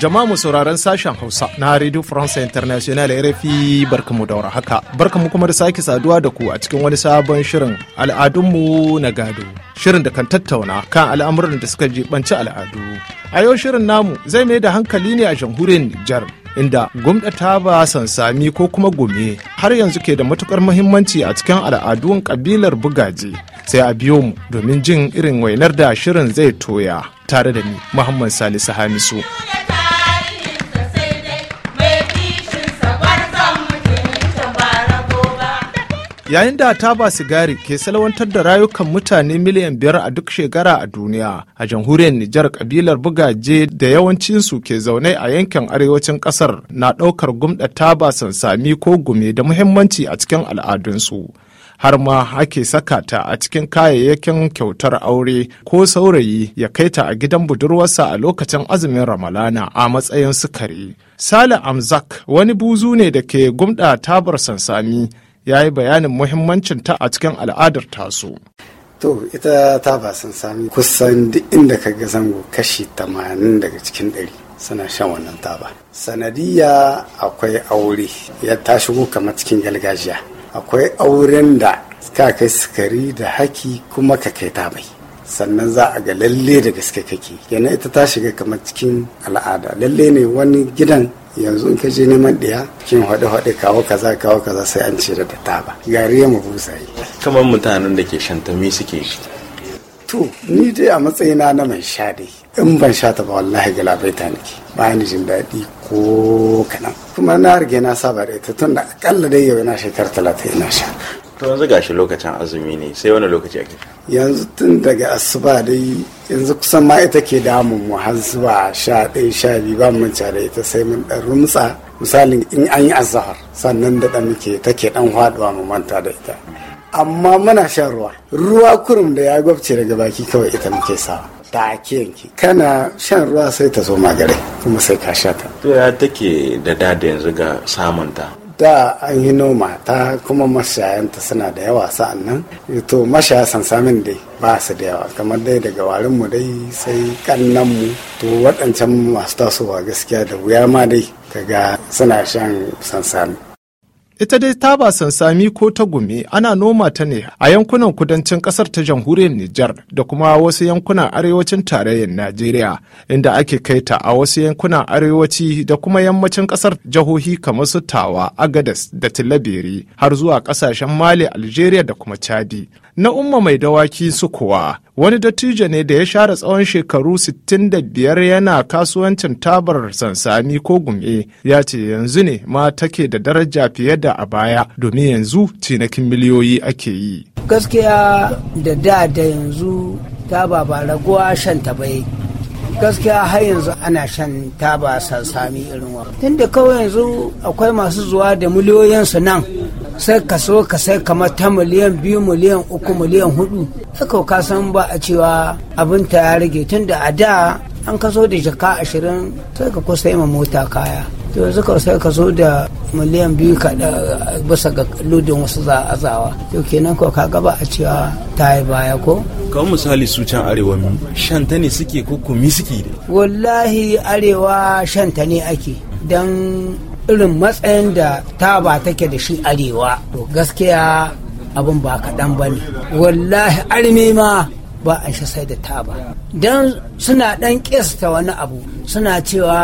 jama'a mu sauraron sashen hausa na radio france international rfi mu daura haka Barka mu kuma da sake saduwa da ku a cikin wani sabon shirin al'adunmu na gado shirin da kan tattauna kan al'amuran da suka jibanci al'adu a yau shirin namu zai mai da hankali ne a jamhuriyar nijar inda gwamnata ba sansami ko kuma gome har yanzu ke da matukar muhimmanci a cikin al'adun kabilar bugaji sai a biyo mu domin jin irin wainar da shirin zai toya tare da ni muhammad salisu hamisu yayin da taba sigari ke salwantar da rayukan mutane miliyan biyar a duk shekara a duniya a jamhuriyar nijar kabilar bugaje da yawancinsu ke zaune a yankin arewacin kasar na ɗaukar gumda taba sansami ko gume da muhimmanci a cikin al'adunsu har ma ake saka ta a cikin kayayyakin kyautar aure ko saurayi ya kai ta a gidan budurwarsa a lokacin azumin ramalana a matsayin sukari. Sale Amzak wani buzu ne da ke gumda tabar sansami ya yi bayanin muhimmancin ta a cikin al'adar taso. To ita ta ba sun sami kusan duk inda ka ga zango kashi tamanin daga cikin ɗari suna shan wannan taba. Sanadiyya akwai aure ya ta shigo kamar cikin galgajiya. Akwai auren da ka kai sukari da haki kuma ka kai ta bai sannan za a ga lalle da gaske kake yana ita ta shiga kamar cikin al'ada lalle ne wani gidan yanzu in ka je neman ɗaya kin haɗe haɗe kawo kaza kawo kaza sai an cire da ba gari ya mu kamar mutanen da ke shanta me suke shi to ni dai a matsayina na mai sha dai in ban sha ta ba wallahi ta nake ba ni jin daɗi ko kana kuma na rige na saba da ita tun da akalla dai yau na shekara talatin ina sha to yanzu gashi lokacin azumi ne sai wani lokaci ake yanzu tun daga asuba dai yanzu kusan ma ita ke damun mu har zuwa sha ɗaya sha biyu ba mun da ita sai mun ɗan rumtsa misalin in an yi azahar sannan da ɗan muke take ɗan faɗuwa mu manta da ita amma muna shan ruwa ruwa kurum da ya gwabce daga baki kawai ita muke sawa ta yanki kana shan ruwa sai ta zo magare kuma sai ka sha ta to ya take da dada yanzu ga samunta da an yi noma ta kuma mashayanta suna da yawa sa'an nan to mashaya sansamin dai ba su da yawa kamar dai daga warinmu dai sai kannanmu to waɗancan masu tasowa gaskiya da wuya ma dai kaga suna shan sansamin Ita dai ta ba sansami ko ta gumi ana noma ta ne a yankunan kudancin kasar ta jamhuriyar Nijar da kuma wasu yankunan arewacin tarayyar Najeriya inda ake kai ta a wasu yankunan arewaci da kuma yammacin kasar jihohi kamar su Tawa, Agadas da tilabiri har zuwa kasashen Mali, Algeria da kuma Chadi. na umma mai dawaki su kuwa wani dattijo ne da ya share tsawon shekaru 65 yana kasuwancin tabar sansami ko gum'e ya ce yanzu ne ma take da daraja fiye da a baya domin yanzu cinikin miliyoyi ake yi gaskiya da da da yanzu ta ba ba raguwa shan ta bai gaskiya har yanzu ana shan taba sansami irin wa tunda kawai yanzu akwai masu zuwa da miliyoyinsu nan sai ka so ka sai kamar ta miliyan biyu miliyan uku miliyan hudu haka ka san ba a cewa abin ta ya rage tunda a da an kaso da jaka ashirin sai ka kusa ma mota kaya to yanzu sai ka zo da miliyan biyu kaɗa bisa ga ludin wasu za a zawa to kenan ko ka gaba a cewa ta yi baya ko kawai misali su can arewa shanta ne suke ko kumi suke da wallahi arewa shanta ne ake don irin matsayin da taba take da shi arewa to gaskiya abin ba kaɗan ba ne wallahi arme ma ba a shi sai da taba don suna ɗan ƙesta wani abu suna cewa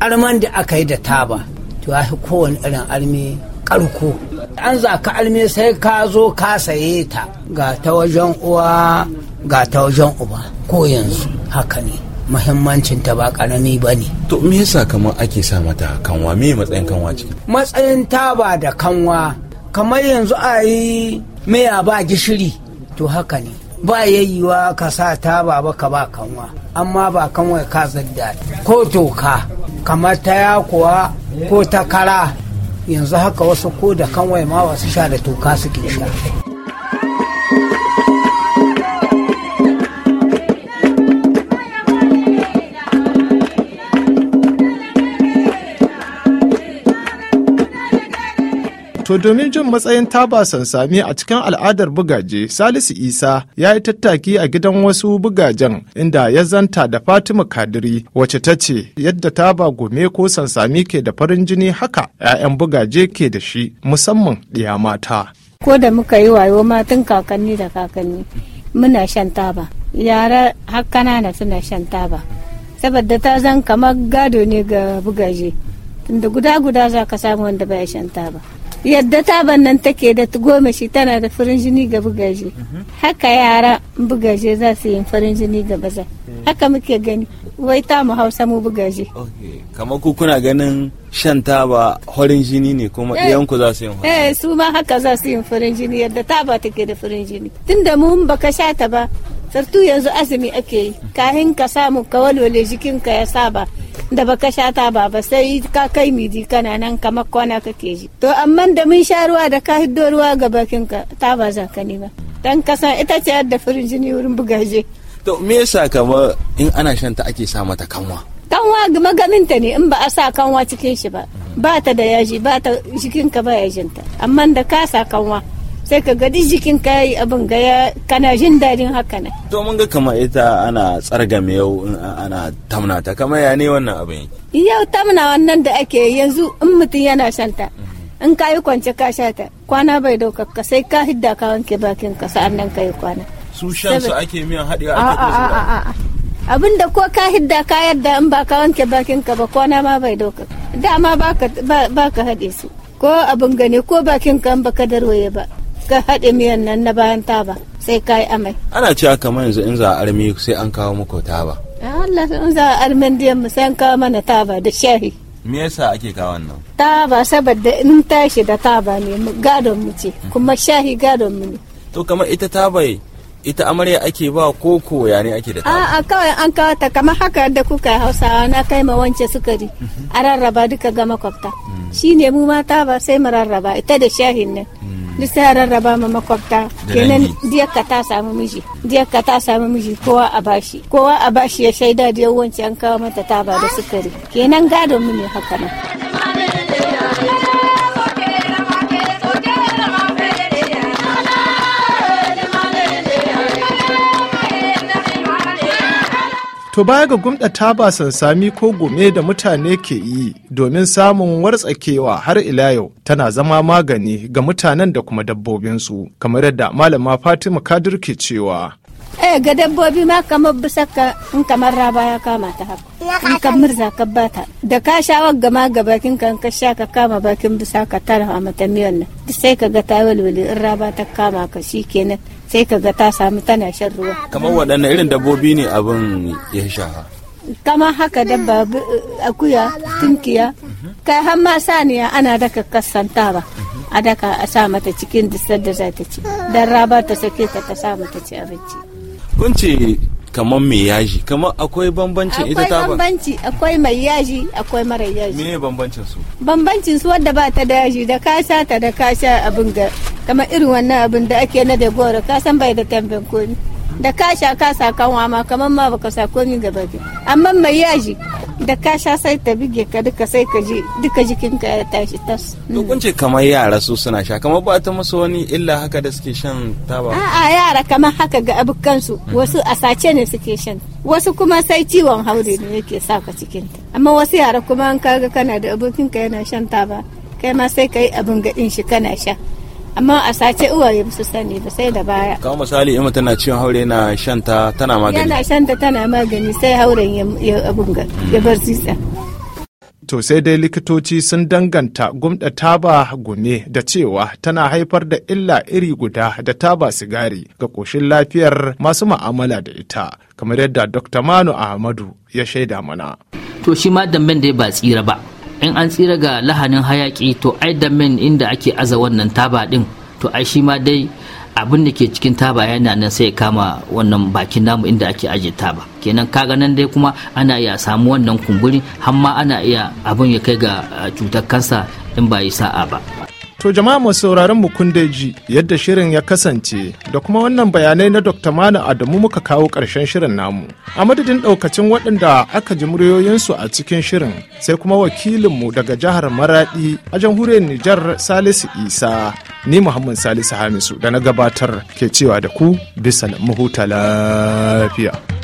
arman da aka yi da taba to ya fi kowane irin armi karko an zaka armi sai ka zo ka saye ta ga ta wajen uwa ga ta wajen uba ko yanzu haka ne muhimmancin ta ba karami ba ne to me yasa kamar ake sa mata kanwa me matsayin kanwa ce matsayin taba da kanwa kamar yanzu a yi maya ba gishiri to haka ne ba yayyuwa ka sa taba ba ka ba kanwa amma ba kanwa ka zadda ko toka kamar ta yakuwa ko ta kara yanzu haka wasu ko da kanwai ma wasu sha da toka suke sha To domin jin matsayin taba sansami a cikin al'adar bugaje, Salisu Isa ya yi tattaki a gidan wasu bugajen inda ya zanta da Fatima Kadiri wace ta ce yadda taba gome ko sansami ke da farin jini haka 'ya'yan bugaje ke da shi musamman ɗiya mata. Ko da muka yi wayo matan kakanni da kakanni muna shan taba, yara har kanana suna shan taba. Saboda ta zan kamar gado ne ga bugaje, tunda guda guda za ka samu wanda baya shan taba. yadda taban nan take da goma shi tana da farin jini ga bugaje mhm. haka yara bugaje za su yi farin jini ga baza eh. haka muke gani wai ta mu hausa mu bugaje kamar ku kuna ganin shan taba farin jini ne kuma eh. iyanku za su yi eh su ma haka za su yi farin jini yadda taba take da farin jini tunda mu ka sha ta ba sartu yanzu azumi ake yi mhm. kahin ka samu ka walwale jikinka ya saba da baka sha ta ba ba sai ka kai miji kana nan kamar kwana kake ji to amma da mun sha ruwa da ka hiddo ruwa ga bakin ka ta ba za ka dan kasa ita ce yadda farin jini wurin bugaje to me yasa kamar in ana shan ta ake sa mata kanwa kanwa maganinta ne in ba a sa kanwa cikin shi ba ba ta da yaji ba ta ka ba yajinta amma da ka sa kanwa sai ka gadi jikin ka yi abin ga kana jin dadin haka ne to mun ga kamar ita ana tsargame yau ana tamna ta kamar ya ne wannan abin yau tamna wannan da ake yanzu in mutum yana shanta mhm. in ka yi kwance ka sha ta kwana bai ka sai ka hidda ka wanke bakin ka sa'an nan ka yi kwana su shan su ake miyan haɗewa ake kusa abin da ko ka hidda ka yadda in ba ka wanke bakin ka ba kwana ma bai dauka dama ba ka haɗe su ko abin gane ko bakin ka ba ka darwaye ba ka haɗe miyan nan na bayan taba sai ka yi amai ana cewa kamar yanzu in za a armi sai an kawo muku taba Allah in za a armi diyan mu sai an kawo mana taba da shahi me yasa ake kawo nan taba saboda in tashi da taba ne gadon mu ce mhm. kuma shahi gadon mu ne to kamar ita taba ita amarya ake ba ko ya ne ake da a'a kawai an kawo ta kamar haka da kuka hausawa na kai ma wance sukari mhm. a rarraba duka ga makwabta mhm. shine mu mata ba sai mu rarraba ita da shahin nan duk sai rarraba ma makwabta kenan ka ta samu miji ka ta samu miji kowa a bashi kowa a bashi ya shaida da yawanci an kawo mata taba da sukari kenan gadon mu ne haka nan To baya ga gumɗa ba sansami ko gome da mutane ke yi domin samun wartsakewa har ila yau tana zama magani ga mutanen da kuma dabbobinsu kamar yadda malama Fatima Kadir ke cewa. Eh ga dabbobi ma kamar bisakka in kamar raba ya kama ta haka. In ka murza ka bata. Da ka sha wagga ma ga bakin ka ka sha ka kama bakin bisa ka tara a mata miyan nan. Sai ka ga ta walwale in raba ta kama ka shi kenan sai ka ga ta samu tana shan ruwa. Kamar waɗanne irin dabbobi ne abin ya shafa. Kama haka dabba akuya tunkiya. Kai har ma saniya ana daka kasanta ba. A daka a sa mata cikin disar da za ta ci. Dan raba ta sake ta ta sa mata ci abinci. kun ce kamar mai yaji kamar akwai bambancin ita ta bambanci akwai mai yaji akwai mara yaji mene bambancin su bambancin su wadda ba ta da yaji da ka sha ta da ka sha abin ga kamar irin wannan abin da ake na da goro ka san bai da tambin komi da ka sha ka sa kanwa ma kamar ma baka sa komi gaba amma mai yaji da ka sha sai ta bige ka duka sai ka ji duka jikinka ya tashi tas to kun ce kamar yara su suna sha kamar ba ta musu wani illa haka da suke shan taba a'a yara kamar haka ga abukan su wasu a sace ne suke shan wasu kuma sai ciwon haure ne yake ka cikin ta amma wasu yara kuma an kaga kana da abokinka yana shan taba kai ma sai ka yi abin gadin shi kana sha amma a sace uwaye ba su sani ba sai da baya kawo misali in tana ciwon haure na shanta tana magani yana shanta tana magani sai hauren ya abunga ya bar sisa. to sai dai likitoci sun danganta gumda taba gume da cewa tana haifar da illa iri guda da taba sigari ga koshin lafiyar masu ma'amala da ita kamar yadda dr manu ahmadu ya shaida mana to shi ma damben da ba tsira ba in an tsira ga lahanin hayaki to ai da min inda ake aza wannan taba din to ai shi ma dai abin da ke cikin taba yana nan sai kama wannan bakin namu inda ake aje taba kenan kaga nan dai kuma ana iya samu wannan kumburi har ma ana iya abin ya kai ga cutar kansa in ba yi sa'a ba To jama'a mu sauraron mu kun ji yadda shirin ya kasance da kuma wannan bayanai na Dr. Malam Adamu muka kawo ƙarshen shirin namu. A madadin ɗaukacin waɗanda aka ji muryoyinsu a cikin shirin sai kuma wakilinmu daga jihar Maraɗi a jamhuriyar Nijar Salisu Isa ni Muhammad Salisu Hamisu da na gabatar ke cewa da ku bisa lafiya.